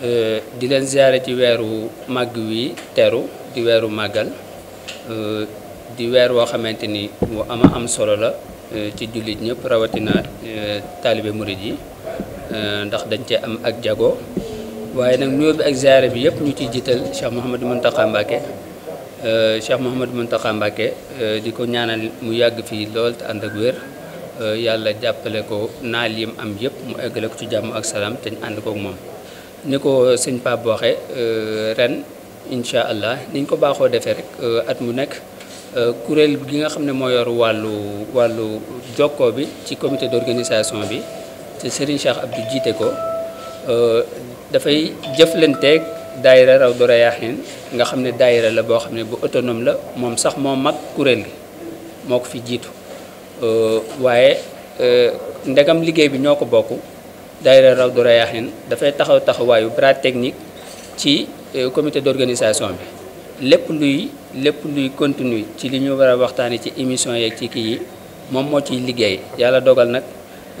Euh, di leen ziare ci weeru màgg wi teru di weeru màggal euh, di weer woo xamante ni mu ama am solo la euh, ci jullit ñëpp rawatina taalibe murit yi ndax dañ cee am ak jago waaye nag nuyoo bi ak ziare bi yëpp ñu ciy jiital Cheikh Mouhamadou Mountakha Mbacké Cheikh Mouhamadou Mountakha Mbacké di ko ñaanal mu yàgg fii lool te ànd ak wér yàlla jàppale ko naa yim am yëpp mu eggale ko ci jàmm ak salaam te ñu ànd kook moom ni ko sëñ Pape waxee euh, ren incha allah niñ ko baaxoo defee rek euh, at mu nekk euh, kuréel gi nga xam ne moo yor wàllu wàllu jokkoo bi ci comité d'organisation bi ci Serigne Cheikh Abdou jiite ko dafay jëflanteeg daayira raw dora yaaxin nga xam ne daayira la boo xam ne bu autonome la moom sax moo mag kuréel gi moo ko fi jiitu waaye ndegam liggéey bi ñoo ko bokk daayira Rawdu Rayaahin dafay taxaw taxawaayu bras technique ci euh, comité d'organisation bi lépp luy lépp luy continue ci li ñu war a waxtaanee ci émission yeeg ci kii yi moom moo ciy liggéey yàlla dogal nag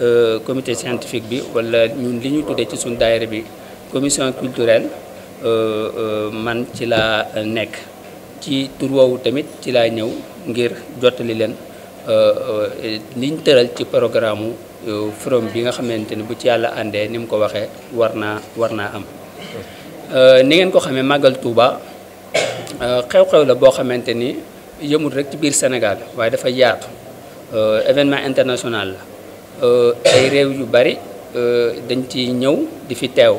euh, comité scientifique bi wala ñun li ñu tuddee ci suñu daayira bi commission culturelle euh, man ci laa nekk ci tur woowu tamit ci laa ñëw ngir jottali leen liñ tëral ci programme forum bi nga xamante ni bu ci yàlla àndee ni mu ko waxee war naa war naa am euh, ni ngeen ko xamee màggal Touba euh, xew-xew la boo xamante ni yëmul rek ci biir Sénégal waaye dafa yaatu euh, événement international la ay réew yu bari dañ ci ñëw di fi teew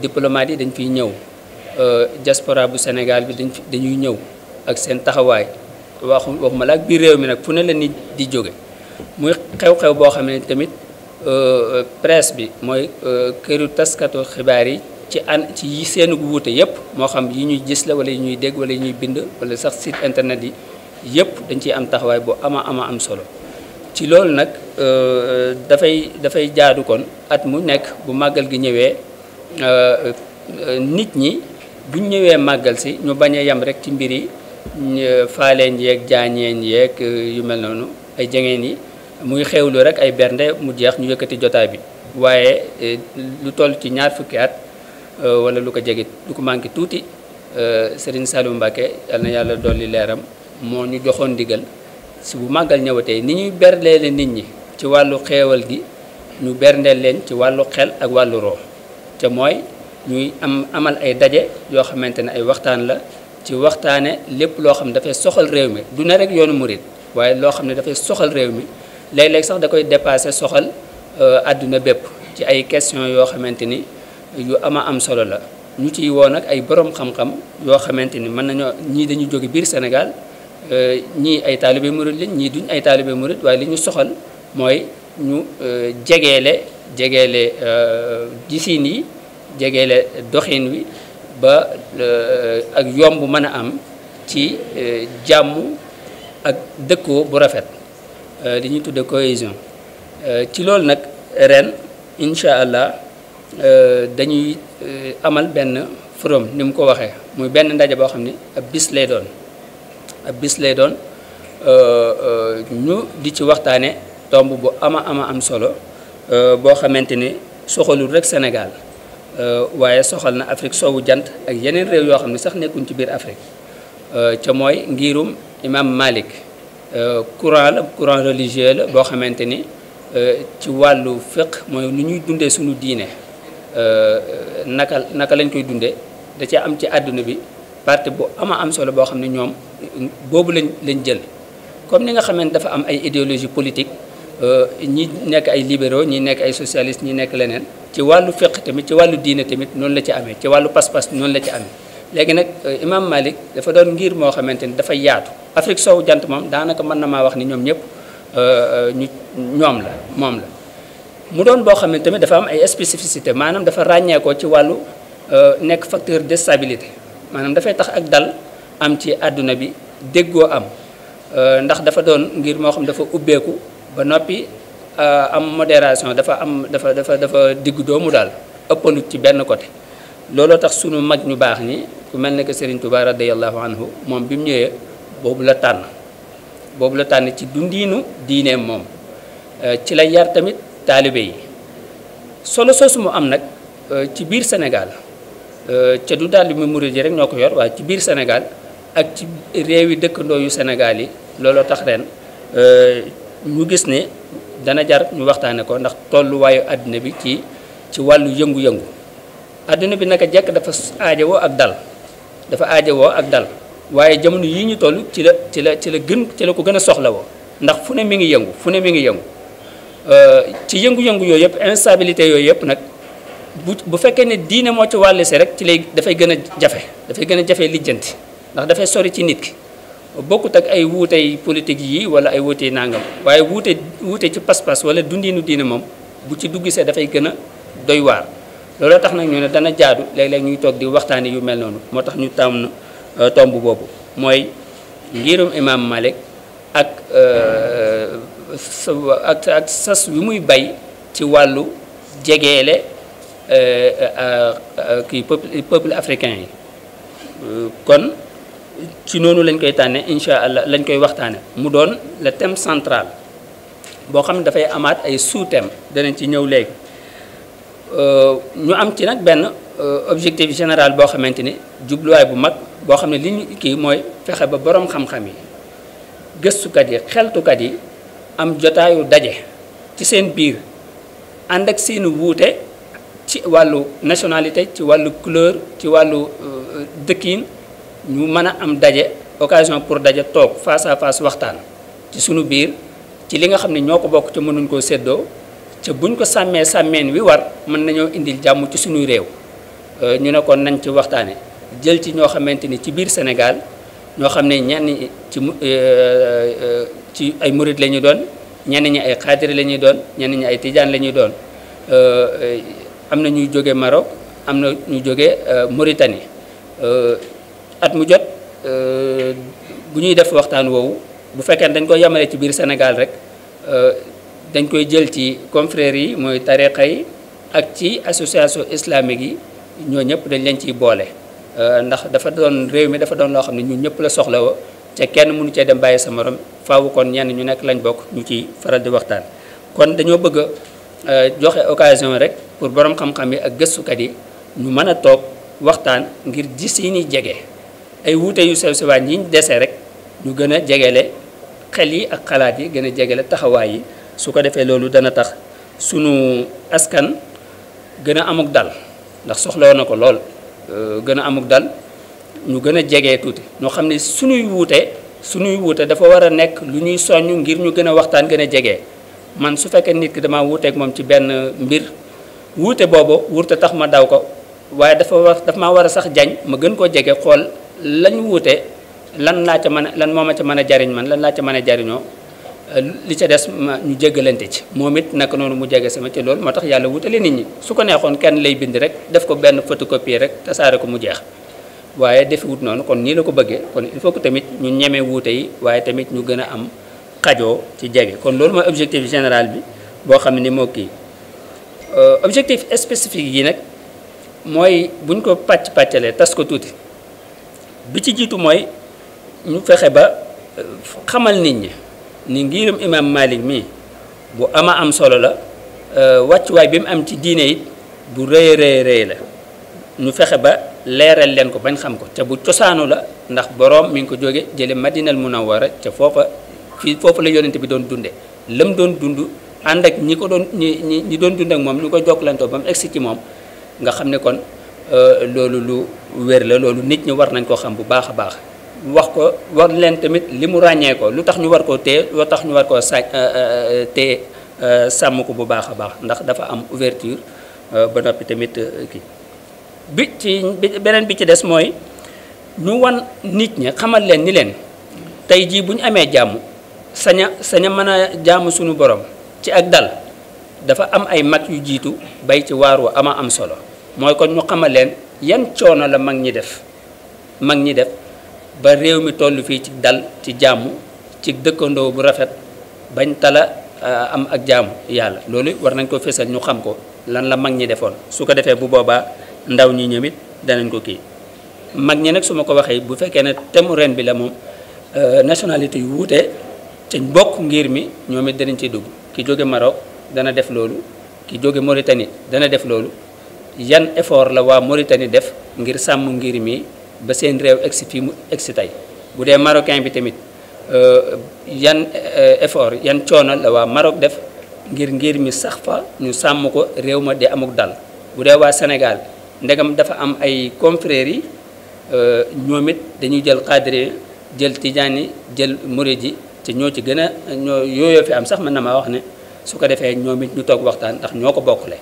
diplomate yi dañ fiy ñëw diaspora bu Sénégal bi dañ dañuy ñëw ak seen taxawaay waxu waxuma la ak biir réew mi nag fu ne la nit di jóge muy xew-xew boo xam ne tamit euh, euh, presse bi mooy euh, këru taskatu xibaar yi ci an ci seen wuute yëpp moo xam yi ñuy gis la wala yi ñuy dégg wala yi ñuy bind wala sax site internet yi yëpp dañ ciy am taxawaay bu ama ama am solo ci loolu nag dafay dafay jaadu kon at mu nekk bu màggal gi ñëwee nit ñi buñ ñëwee màggal si ñu bañ a yem rek ci mbir yi faaleen yeeg jaañeen yeeg yu mel noonu ay jangeen yi muy xewlu rek ay bernde mu jeex ñu yëkkati jotaay bi waaye eh, lu toll ci ñaar fukki at eh, wala lu ko jege lu ko manqué tuuti eh, Serigne Saliou Mbacke yal na yàlla dolli leeram moo ñu joxoon ndigal si bu màggal ñëwatee ni ñuy berndeel nit ñi ci wàllu xeewal gi ñu berndeel leen ci wàllu xel ak wàllu roo te mooy ñuy am amal ay daje yoo xamante ne ay waxtaan la ci waxtaane lépp loo xam dafay soxal réew mi du ne rek yoonu murit waaye loo xam ne dafay soxal réew mi léeg-léeg sax da koy dépassé soxal euh, àdduna bépp ci ay question yoo xamante ni yu ama am solo la ñu ciy woo nag ay borom xam-xam yoo xamante ni mën nañoo ñii dañuy jóge biir Sénégal euh, ñii ay taalibe murid lañ ñii duñ ay taalibe murid waaye li ñu soxal mooy ñu euh, jegeele jegeele gisiin yi jegeele doxin wi ba ak yomb mën a am ci jàmm ak dëkkoo bu rafet euh, li ñuy tudde cohésion euh, ci lool nag ren incha allah euh, dañuy amal benn from ni mu ko waxee muy benn ndaje boo xam ni ab bis lay doon ab bis lay doon ñu di ci waxtaane tomb bu ama ama am solo boo xamante ni soxalul rek Sénégal waaye soxal na Afrique soowu jant ak yeneen réew yoo xam ne sax nekkuñ ci biir Afrique ca mooy ngirum imam Malik euh, courant la courant religieux la boo xamante ni euh, ci wàllu fiqh mooy nu ñuy dundee suñu diine euh, naka naka lañ koy dundee da cee am ci àdduna bi parte bu ama am solo boo xam ne ñoom boobu lañ lañ jël comme ni nga xamante dafa am ay idéologie politique ñi nekk ay libéraux ñi nekk ay socialistes ñi nekk leneen ci wàllu fiqh tamit ci wàllu diine tamit noonu la ci amee ci wàllu pas-pas noonu la ci amee léegi nag euh, imam Malik dafa doon ngir moo xamante ni dafa yaatu Afrique sow jant moom daanaka mën na maa wax ni ñoom ñëpp euh, euh, ñu ñoom la moom la mu doon boo xam ne tamit dafa am ay spécificité maanaam dafa ràññeekoo ci wàllu nekk facteur de stabilité maanaam dafay tax ak dal am ci àdduna bi déggoo am ndax dafa doon ngir moo xam dafa ubbeeku ba noppi am modération dafa am dafa dafa dafa diggu doomu daal ëppalut ci benn côté looloo tax suñu mag ñu baax ñi ku mel ne que Serigne Touba radiyallahu anhu moom bi mu ñëwee boobu la tànn boobu la tànn ci dundiinu diineem moom euh, ci la yar tamit taalibe yi solo soosu mu am nag euh, ci biir Sénégal euh, ca du daal mu murid yi rek ñoo ko yor waaye ci biir Sénégal ak ci réew yi dëkkandoo yu senegaal yi looloo tax ren ñu gis ne dana jar ñu waxtaane ko ndax tolluwaayu àddina bi ci ci wàllu yëngu-yëngu àdduna bi naka jekk dafa aajowoo ak dal dafa aajowoo ak dal waaye jamono yii ñu toll ci la ci la ci la gën ci la ko gën a soxlawoo ndax fu ne mi ngi yëngu fu ne mi ngi yëngu euh, ci yëngu-yëngu yooyu yëpp instabilité yooyu yëpp nag bu bu fekkee ne diine moo ci wàll si rek ci lay dafay gën a jafe dafay gën a jafe lijjanti ndax dafay sori ci nit ki bokkut ak ay wuutey politique yii wala ay wuutey nangam waaye wuute wuute ci pas-pas wala dundinu diine moom bu ci dugg dafay gën a doy looloo tax nag ñu ne dana jaadu léeg-léeg ñuy toog di waxtaane yu mel noonu moo tax ñu tàmm euh, tomb boobu mooy ngirum imaam Malik ak euh, ak ak sas wi muy bay ci wàllu jegeele euh, kii peuple peuple africain yi kon ci noonu lañ koy tànnee incha allah lañ koy waxtaane mu doon le thème central boo xam ne dafay amaat ay sous-thèmes danañ ci ñëw léegi Euh, ñu am ci nag benn euh, objectif général boo xamante ne jubluwaay bu mag boo xam ne li ñu kii mooy fexe ba borom xam-xam yi gëstukat yi xeltukat yi am jotaayu daje ci seen biir ànd ak seeni wuute ci wàllu nationalité ci wàllu couleur ci wàllu euh, dëkkiin ñu mën a am daje occasion pour daje toog face à face waxtaan ci sunu biir ci li nga xam ne ñoo ko bokk ci mënuñ koo séddoo te buñ ko sàmmee sàmmeen wi war mën nañoo indi jàmm ci suñuy réew euh, ñu ne kon nañ ci waxtaane jël ci ñoo xamante ni ci biir Sénégal ñoo xam ne ñenn ci euh, euh, ci ay murit la ñuy doon ñenn ñi ay xaadir la ñuy doon ñenn ñi ay tijaan la ñuy doon am na ñuy jóge Maroc am na ñu jóge Mauritanie at mu jot bu ñuy def waxtaan woowu bu fekkee dañ ko yemale ci biir Sénégal rek dañ koy jël ci confrères yi mooy tariqa yi ak ci association islamique yi ñoo ñëpp dañ lañ ciy boole euh, ndax dafa doon réew mi dafa doon loo xam ne ñu ñëpp la soxla wo te kenn mënu cee dem bàyyi sa moroom faawu kon ñenn ñu nekk lañ bokk ñu ciy faral di waxtaan kon dañoo bëgg a euh, joxe occasion rek pour borom xam-xam yi ak gëstukat yi ñu mën a toog waxtaan ngir gis yi ni jege ay wuute yu sew sewaan yi ñu dese rek ñu gën a jegele xel yi ak xalaat yi gën a jegele taxawaay yi su ko defee loolu dana tax suñu askan gën a amuk dal ndax soxloo na ko lool euh, gën a amuk dal ñu gën a jege tuuti ñoo xam ne suñuy wuute suñuy wuute dafa war a nekk lu ñuy soññ ngir ñu gën a waxtaan gën a jege man su fekkee nit ki dama wuuteeg moom ci benn mbir wuute boobu wuute tax ma daw ko waaye dafa wax dafa ma war a sax jañ ma gën koo jege xool lañ wuute lan laa ca mën a lan moo ma ca mën a jariñ man lan laa ca mën a jariñoo li ca des ma ñu jéggalante ci moom it naka noonu mu jege sama ci loolu moo tax yàlla wutale nit ñi su ko neexoon kenn lay bind rek def ko benn photocopie rek tasaare ko mu jeex waaye defi wut noonu kon nii la ko bëggee kon il faut que tamit ñu ñeme wuute yi waaye tamit ñu gën a am xajoo ci jege kon loolu mooy objectif général bi boo xam ni moo kii euh, objectif spécifique yi nag mooy buñ ko pàcc pàccalee tas ko tuuti bi ci jiitu mooy ñu fexe ba euh, xamal nit ñi. ni ngiiram imaam Malik mii bu ama am solo la euh, wàccuwaay bi mu am ci diine it bu rëy rëy la ñu fexe ba leeral leen ko bañ xam ko ca bu cosaanu la ndax boroom mi ngi ko jóge jële madinal munawwara ca foofa fii foofu la yonente bi doon dunde lam doon dund ànd ak ñi ko doon ñi ñi ñi doon dund moom ñu ko jokkalantoo ba mu egsi ci moom nga xam ne kon euh, loolu lu wér la loolu nit ñi war nañ koo xam bu baax a baax wax ko war leen tamit li mu ràññee ko lu tax ñu war koo téye lu tax ñu war koo sàcc euh, euh, téye euh, sàmm ko bu baax a baax ndax dafa am ouverture ba noppi tamit kii bi ci beneen bi ci des mooy ñu wan nit ñi xamal leen ni leen tey jii bu ñu amee jàmm saña saña mën a jàmm suñu borom ci ak dal dafa am ay mag yu jiitu bay ci waar wu a am solo mooy kon ñu xamal leen yan coono la mag ñi def mag ñi def ba réew mi toll fii ci dal ci jàmm ci dëkkandoo bu rafet bañ tala euh, am ak jàmm yàlla loolu war nañ ko fésal ñu xam ko lan la mag ñi defoon su ko defee bu boobaa ndaw ñi ñoom it danañ ko kii mag ñi nag su ma ko waxee bu fekkee ne temu ren bi la moom euh, nationalité yu wuute te bokk ngir mi ñoom it danañ ciy dugg ki jóge Maroc dana def loolu ki jóge Mauritanie dana def loolu yan effort la waa Mauritanie def ngir sàmm ngir mi ba seen réew egsi fii mu egsi tey bu dee marocain bi tamit euh, yan euh, effort yan coono la waa Maroc def ngir ngir mi sax fa ñu sàmm ko réew ma di amuk dal bu dee waa Sénégal ndegam dafa am ay confrères yi euh, ñoom it dañuy jël cadre jël tijaan yi jël murid yi te ñoo ci gën a ñoo yooyoo fi am sax mën na maa wax ne su ko defee ñoom it ñu toog waxtaan ndax ñoo ko bokkule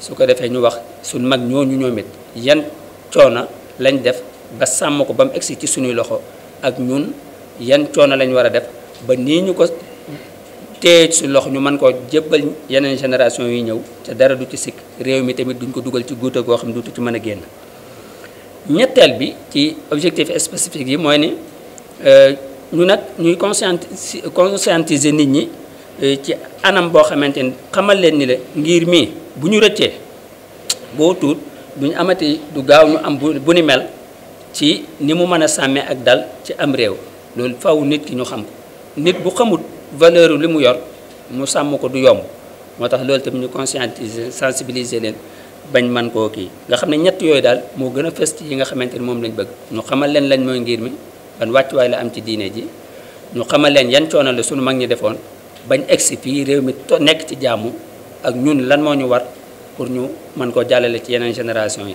su ko defee ñu wax suñ mag ñooñu ñoom it yan coono lañ def ba sàmm ko ba mu egsi ci suñuy loxo ak ñun yan coono lañ war a def ba nii ñu ko téye ci loxo ñu mën koo jébbal yeneen génération yi ñëw te dara du ci sikk réew mi tamit duñ ko dugal ci guuta goo xam ne duutu ci mën a génn ñetteel bi ci objectif spécifique yi mooy ni euh, ñu nag ñuy conscientiser conscientiser nit ñi euh, ci anam boo xamante ni xamal leen ni la ngir mii bu ñu rëccee boo tuut duñ amati du gaaw ñu am bu bu ni mel ci ni mu mën a sàmmee ak dal ci am réew loolu faw nit ki ñu xam ko nit bu xamut valeur li mu yor mu sàmm ko du yomb moo tax loolu tamit ñu conscientiser sensibiliser leen bañ man koo kii nga xam ne ñett yooyu daal moo gën a fës ci yi nga xamante ni moom lañ bëgg ñu xamal leen lañ mooy ngir mi ban wàccuwaay la am ci diine ji ñu xamal leen yan coono la suñu mag ñi defoon bañ egsi fii réew mi to nekk ci jàmm ak ñun lan moo ñu war pour ñu mën koo jàllale ci yeneen génération yi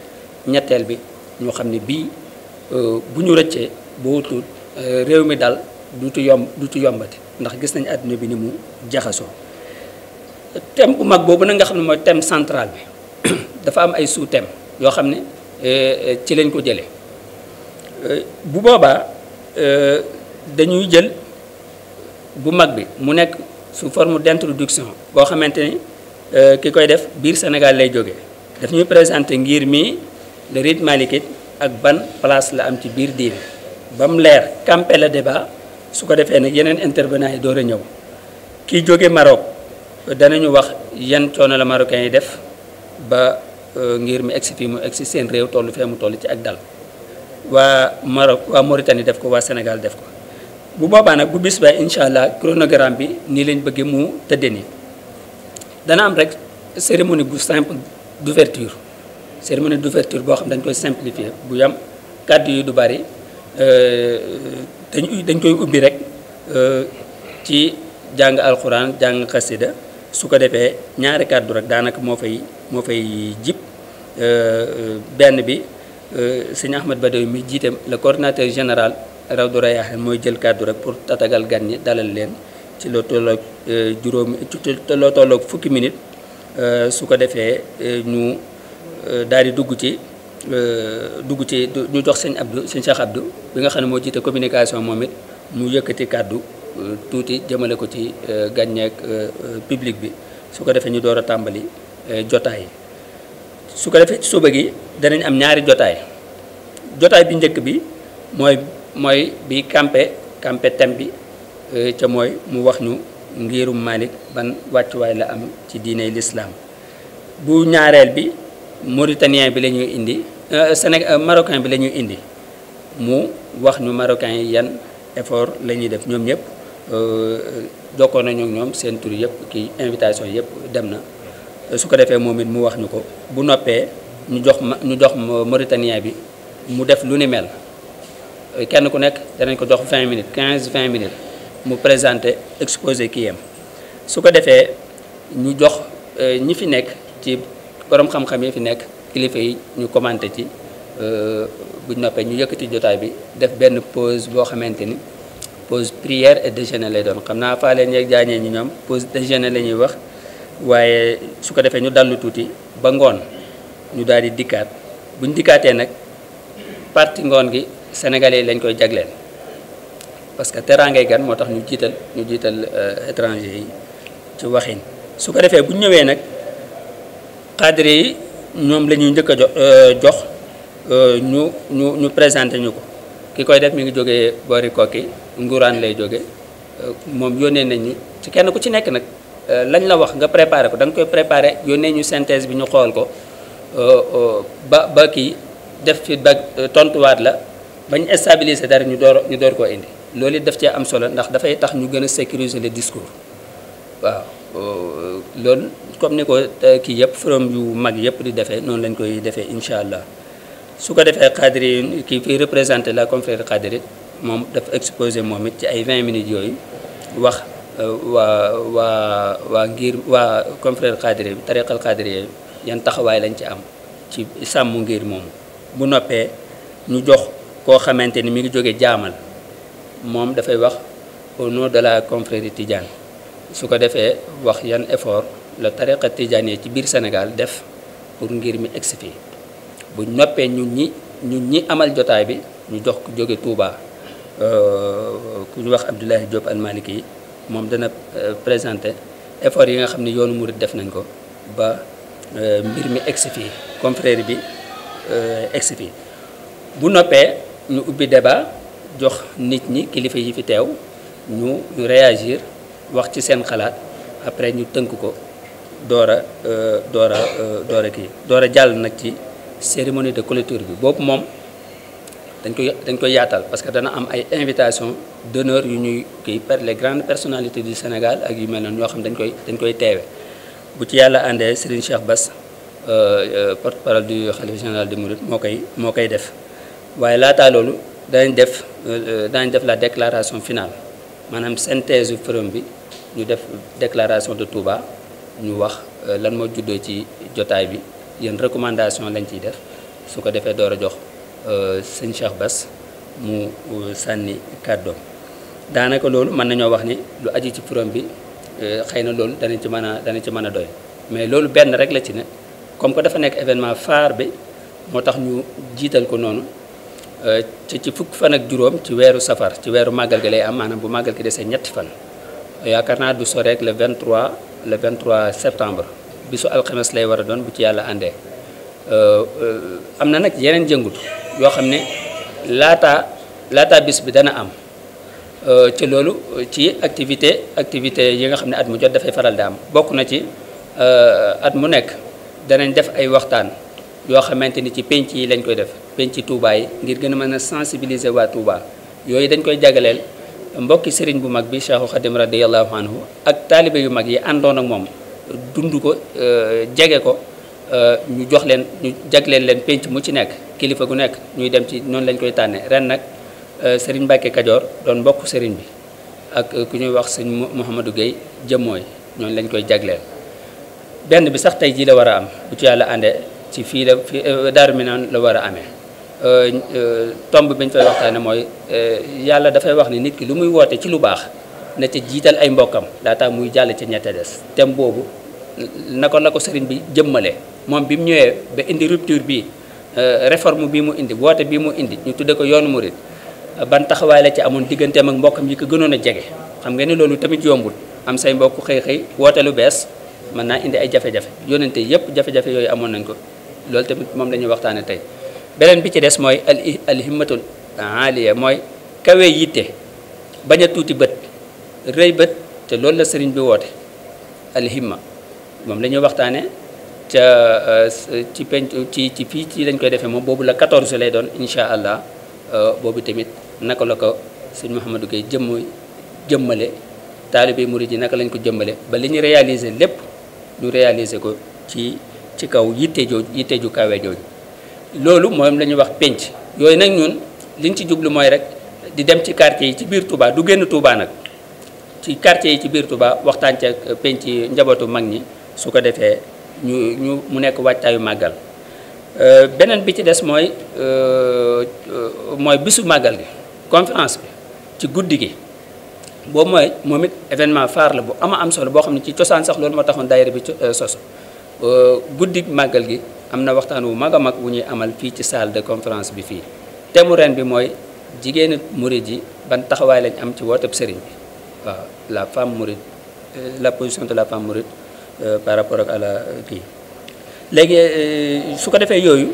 bu ñu rëccee boo wutul euh, réew mi daal duutu yomb duutu yombati ndax gis nañ àdduna bi ni mu jaxasoo thème bu mag boobu nag nga xam ne mooy thème centrale bi dafa am ay sous thème yoo xam ne euh, ci lañ ko jëlee euh, bu boobaa dañuy jël bu mag bi mu nekk sous forme d'introduction boo xamante ni ki koy def biir Sénégal lay jógee daf ñuy présenter ngir mi le rite ak ban place la am ci biir diine ba mu leer campé le débat su ko defee nag yeneen intervenant yi door a ñëw ki jóge dana ñu wax yan coono la marocain yi def ba euh, ngir mu egsi fii mu egsi seen réew tollu fee mu toll ci ak dal waa Maroc waa Mauritanie def ko waa Sénégal def ko bu boobaa nag bu bis ba incha allah chronogramme bi nii lañ bëggee mu tëddee nii dana am rek cérémonie bu simple d'ouverture cérémonie d'ouverture boo xam dañ koy simplifier bu yam kàddu yi du bari euh, dañ dañ koy ubbi rek euh, ci jàng alxuraan jàng xasida su ko defee ñaari kàddu rek daanaka moo fay moo fay jib euh, benn bi sëñ Ahmed Badoy mi jiite le coordinateur général Rawdu Rayaahin mooy jël kàddu rek pour tatagal gan ñi dalal leen ci loo tolloog juróomi ci loo tolloog fukki minute su ko defee ñu Euh, daal di dugg ci euh, dugg ci ñu jox sëñ Abdou sëñ Cheikh Abdou bi nga xam ne moo jiite communication moom it mu yëkkati kàddu euh, tuuti jëmale ko ci gàññeek public bi su ko defee ñu door a tàmbali jotaay su ko defee ci suba gi danañ am ñaari jotaay jotaay bi njëkk bi mooy mooy bi campé campé thème bi ca mooy mu wax ñu ngirum Malick ban wàccuwaay la am ci diine lislaam bu ñaareel bi mauritanien bi la ñuy indi euh, sénégal euh, marocain bi la ñuy indi mu wax ñu marocain yi yan effort la ñuy def ñoom ñëpp euh, jokkoon nañu ñoom seen tur yëpp kii invitation yëpp dem na su ko defee moom it mu wax ñu ko bu noppee ñu jox ma ñu jox mauritanien bi mu def lu ni mel kenn ku nekk danañ ko jox 20 minutes 15 20 minutes mu présenter exposé kii yam su ko defee ñu jox ñi fi nekk ci borom xam-xam yi fi nekk kilifa yi ñu commenté ci euh, bu noppee ñu yëkkati jotaay bi def benn pose boo xamante ni pose prière et déjeuner lay doon xam naa faa leen yeeg jaañee ñi ñoom pause déjeuner la ñuy wax waaye su ko defee ñu dallu tuuti ba ngoon ñu daal di dikkaat buñ dikkaatee nag partie ngoon gi sénégal yi lañ koy jagleel parce que teraangay gan moo tax ñu jiital ñu jiital euh, étranger yi ci waxin su ko defee bu ñëwee nag. xaadir yi ñoom la ñuy njëkk a euh, jox euh, ñu ñu ñu présenté ñu ko ki koy def mi ngi jógee boori kokki nguraan lay jóge euh, moom yónnee nañ ñu ci kenn ku ci nekk nag lañ la wax nga préparé ko da nga koy préparé yónnee ñu synthèse bi ñu xool ko ba ba ki def ci ba tontuwaat la bañ stabiliser dara ñu door ñu door koo indi loolu it daf cee am solo ndax dafay tax ñu gën a sécuriser le discours waaw loolu comme ni ko euh, kii yëpp forom yu mag yëpp di defe noonu lañ koy defee incha allah su ko defee xaadiri yi kii fii représenté la confrérie xaadiri moom dafa exposé moom it ci ay 20 minutes yooyu wax euh, waa waa waa ngir waa confrérie xaadiri bi tariqal yan taxawaay lañ ci am ci sàmm ngir moomu bu noppee ñu jox koo xamante ni mi ngi jóge jaamal moom dafay wax au nom de la confrérie tidiane su ko defee wax yan effort la tariqa tijaaniya ci biir senegal def pour ngir mi egsi fii bu noppee ñu ñi ñun ñi amal jotaay bi ñu jox ko jóge Touba euh, ku ñu wax Abdoulaye Diop Almaliki yi moom dana euh, présenté effort yi nga xam ne yoonu murit def nañ ko ba euh, mbir mi egsi fii confrère bi egsi fii bu noppee ñu ubbi débat jox nit ñi kilifa yi fi teew ñu réagir wax ci seen xalaat après ñu tënk ko door a euh, door a euh, door a kii door a jàll nag ci cérémonie de clôture bi boobu moom dañ koy dañ koy yaatal parce que dana am ay invitation d'honneur yu ñuy kii par les grandes personnalités du Sénégal ak yu mel noonu ñoo xam dañ koy dañ koy teewe bu ci yàlla àndee Serigne Cheikh bas euh, porte-parole du khalife général des Mourides moo koy moo koy def waaye laataa loolu daañ def daañ def la déclaration finale maanaam synthèse forum bi ñu def déclaration de Touba ñu wax euh, lan moo juddoo ci jotaay bi yéen recommandation lañ ciy def su ko defee door a jox euh, sëñ Cheikh bas mu euh, sànni kàddoom daanaka loolu mën nañoo wax ni lu aji ci forum bi xëy na loolu danañ ci mën a danañ ci mën a doy mais loolu benn rek la ci ne comme que dafa nekk événement phare bi moo tax ñu jiital ko noonu ci ci fukk fan ak juróom ci weeru safar ci weeru màggal gi lay am maanaam bu màggal gi desee ñetti fan yaakaar naa du sore rek le 23. le 23 septembre bisu alxames lay war a doon bu ci yàlla àndee euh, euh, am na nag yeneen jëngut yoo xam ne laata laataa bis bi dana am euh, ci loolu ci activité activité yi nga xam ne at mu jot dafay faral di am bokk na ci at mu nekk danañ def ay waxtaan yoo xamante ni ci penc yi lañ koy def penc ci yi ngir gën a mën a sensibiliser waa tuubaa yooyu dañ koy jagleel. mbokki sëriñ bu mag bi Cheikhul Khadim radiyallahu anhu ak taalibe yu mag yi àndoon ak moom dund ko euh, jege ko euh, ñu jox leen ñu jagleen leen penc mu ci nekk kilifa gu nekk ñuy dem ci noonu lañ koy tànnee ren nag euh, sëriñ Mbàkke Kajoor doon mbokk sëriñ bi ak ku ñuy wax sëñ Mouhamadou Gueye jëmmooy ñooñu lañ koy jagleel benn bi sax tey jii la war a am bu ci yàlla àndee ci fii la fi Daaru Minaan la war a amee Euh, euh, tomb bi ñu fay waxtaane mooy euh, yàlla dafay wax ni nit ki lu muy woote ci lu baax na ca jiital ay mbokkam laata muy jàll ci ñette des thème boobu na nako la ko sëriñ bi jëmmalee moom bi mu ñëwee ba indi rupture bii reforme bi mu indi woote bii mu indi ñu tudde ko yoonu murit ban taxawaay la ci amoon digganteem ak mbokkam yi ko gënoon a jege xam nga ni loolu tamit yombul am say mbokk xëy xëy woote lu bees mën naa indi ay jafe-jafe yónnante yépp jafe-jafe yooyu amoon nañ ko loolu tamit moom la ñuy tey beneen bi ci des mooy al alhimmatul aaliya mooy kawe yitte bañ a tuuti bët rëy bët te loolu la sëriñ bi woote alhimma moom la ñuy waxtaane ca euh, ci penc ci ci fii ci lañ koy defee moom boobu la 14 lay doon incha allah euh, boobu tamit naka la ko sëñ Mouhamadou Gueye jëmm jëmmale taalibe murid yi naka lañ ko jëmmale ba li ñu réaliser lépp ñu réaliser ko ci ci kaw yitte jooju yitte ju kawe jooju loolu moom lañuy wax penc yooyu nag ñun liñ ci jublu mooy rek di dem ci quartier yi ci biir Touba du génn Touba nag ci quartier yi ci biir Touba waxtaan ci ak yi njabootu mag ñi su ko defee ñu ñu mu nekk wàccaayu màggal euh, beneen bi ci des mooy euh, euh, mooy bisu màggal gi conférence bi ci guddi gi boobu mooy moom it événement phare la bu am am solo boo xam ne ci cosaan sax loolu moo taxoon daayira bi soso guddi màggal gi am na waxtaan wu mag a mag wu ñuy amal fii ci salle de conférence bi fii thème mu bi mooy jigéenu murid yi ban taxawaay lañ am ci wooteb sëriñ bi waaw la femme mouride euh, la position de la femme mouride euh, par rapport ak à la euh, kii léegi su ko defee yooyu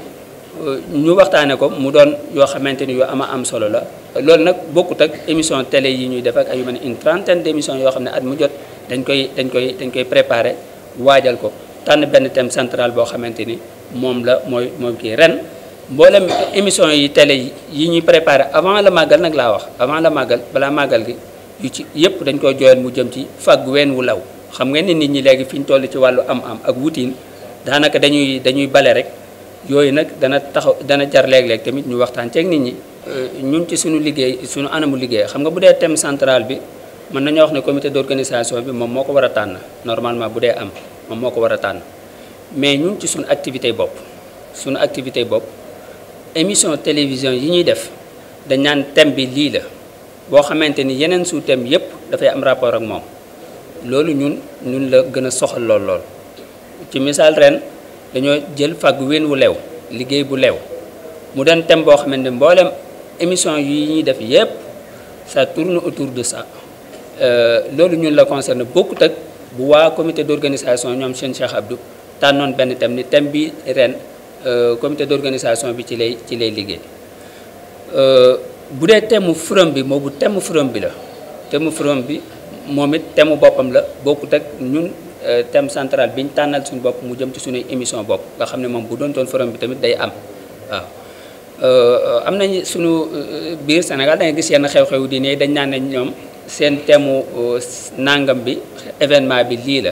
ñu waxtaane ko mu doon yoo xamante ni am a am solo la loolu nag bokkut ak émission télé yi ñuy def ak ay yu mel ne une trentaine d' yoo xam ne at mu jot dañ koy dañ koy dañ koy préparé waajal ko tànn benn thème central boo xamante ni moom la mooy mooy kii ren mboolem émission yi télé yi ñuy préparé avant la màggal nag laa wax avant la màggal balaa màggal gi yu ci yëpp dañ koy jooyal mu jëm ci fàgg ween wu law xam nga ni nit ñi léegi fi ñu toll ci wàllu am-am ak wutin daanaka dañuy dañuy bale rek yooyu nag dana taxaw dana jar léeg-léeg tamit ñu waxtaan ceeg nit ñi. Euh, ñun ci suñu liggéey suñu anamu liggéey xam nga bu dee thème central bi mën nañoo wax ne comité d'organisation bi moom moo ko war a tànn normalement bu dee am moom moo ko war a tànn. mais ñun ci suñu activité bopp suñu activité bopp émission télévision yi ñuy def dañ naan thème bi lii la boo xamante ni yeneen sous thème yépp dafay am rapport ak moom loolu ñun ñun la gën a soxal lool lool ci misaal ren dañoo jël fag wén wu lew liggéey bu lew mu doon thème boo xamante ni mboolem émission yi ñuy def yépp ça tourne autour de ça euh, loolu ñun la concerne bokkut ak bu waa comité d'organisation ñoom seen Cheikh Abdou tànnoon benn tem ni thème bi ren euh, comité d'organisation bi ci lay ci lay liggéey euh, bu dee thème mu forum bi moobu thème mu bi la thème mu forum bi moom it temu boppam la bokkut ak ñun euh, tem central bi ñu tànnal suñu bopp mu jëm ci suñuy émission bopp nga xam ne moom bu doon toon forum bi tamit day am waaw am nañu suñu biir Sénégal da gis yenn xew-xew diine dañ naan ne ñoom seen thème mu nangam bi événement bi lii la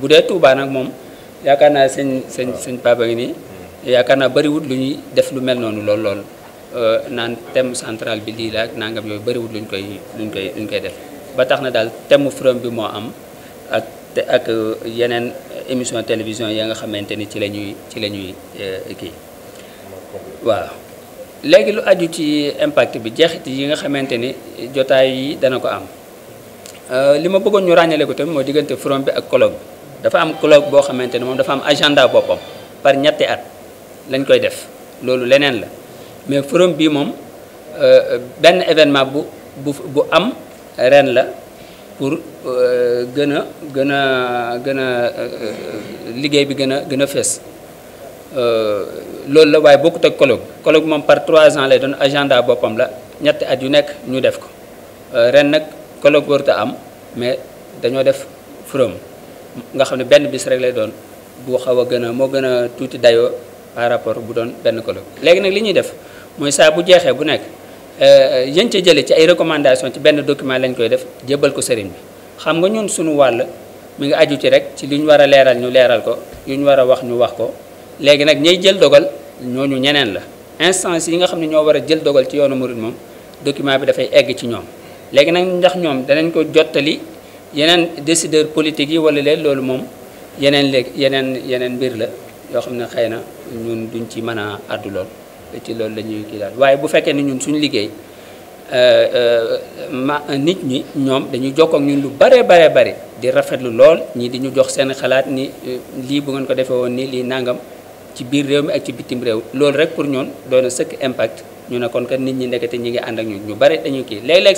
bu dee Touba nag moom yaakaar naa sëñ sëñ sëñ Papa ngi nii yaakaar naa bëriwut lu ñuy def lu mel noonu lool lool euh, naan thème central bi lii la ak nangam yooyu bëriwut luñ koy luñ koy luñ koy def ba tax na daal thème forum bi moo am ak te ak euh, yeneen émission télévision ya nga xamante ni ci la ñuy ci la euh, kii waaw léegi lu aju ci impact bi jeexit yi nga xamante ni jotaay yi dana ko am li ma bëggoon ñu ràññale ko tamit moo diggante forum bi ak colloque dafa am koloog boo xamante ni moom dafa am agenda boppam par ñetti at lañ koy def loolu leneen la mais forum bii moom euh, benn événement bu bu bu am ren la pour euh, gën a gën a gën a euh, liggéey bi gën a gën a fees loolu la waaye bokkut ak koloog koloog moom par trois ans lay doon agenda boppam la ñetti at yu nekk ñu def ko ren nag colloque warut am mais dañoo def forum. nga xam ne benn bis rek doon bu xaw a gën a moo gën a tuuti dayo par rapport bu doon benn ko kilo léegi nag li ñuy def mooy saa bu jeexee bu nekk euh, yéen ca jëlee ci ay recommandation ci benn document lañ koy def jébbal ko sëriñ bi xam nga ñun suñu wàll mu ngi aju ci rek ci li ñu war a leeral ñu leeral ko yu ñu war a wax ñu wax ko léegi nag ñay jël dogal ñooñu ñeneen la instance yi nga xam ne ñoo war a jël dogal ci yoonu murid moom document bi dafay egg ci ñoom yeneen décideur politique yi wala leen loolu moom yeneen léeg yeneen yeneen mbir la yoo xam ne xëy na ñun duñ ci mën a àddu lool ci loolu la ñuy kii daal waaye bu fekkee ne ñun suñu liggéey euh, euh, ma nit ñi ñoom dañuy jokkoo ak ñun lu bare bare bare di rafetlu lool ñii di ñu jox seen xalaat ni euh, lii bu ngeen ko defee woon nii lii nangam ci biir réew mi ak ci bitim réew loolu rek pour ñoon doon na sëkk impact ñu ne kon nit ñi nekkati ñi ngi ànd ak ñun ñu bare dañuy kii léeg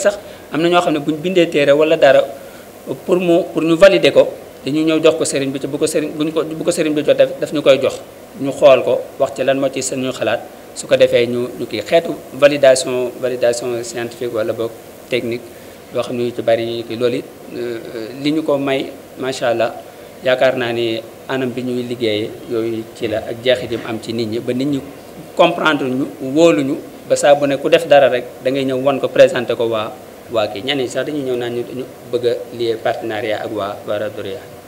pour mu pour ñu valider ko dañuy ñëw jox ko sëriñ bi ci bu ko sëriñ bu ñu ko bu ko sëriñ bi jot daf ñu koy jox ñu xool ko wax ci lan moo ci seen xalaat su ko defee ñu ñu kii xeetu validation validation scientifique wala boog technique yoo xam ne ci bari kii loolu it euh, li ñu ko may macha allah yaakaar naa ni anam bi ñuy liggéeyee yooyu ci la ak jeex jëm am ci nit ñi ba nit ñi comprendre ñu wóoluñu ba saa bu ne ku def dara rek da ngay ñëw wan ko présenté ko waa waa kii ñenn ñi sax dañuy ñëw naan ñu dañu bëgg a lier partenariat ak waa waa Radoria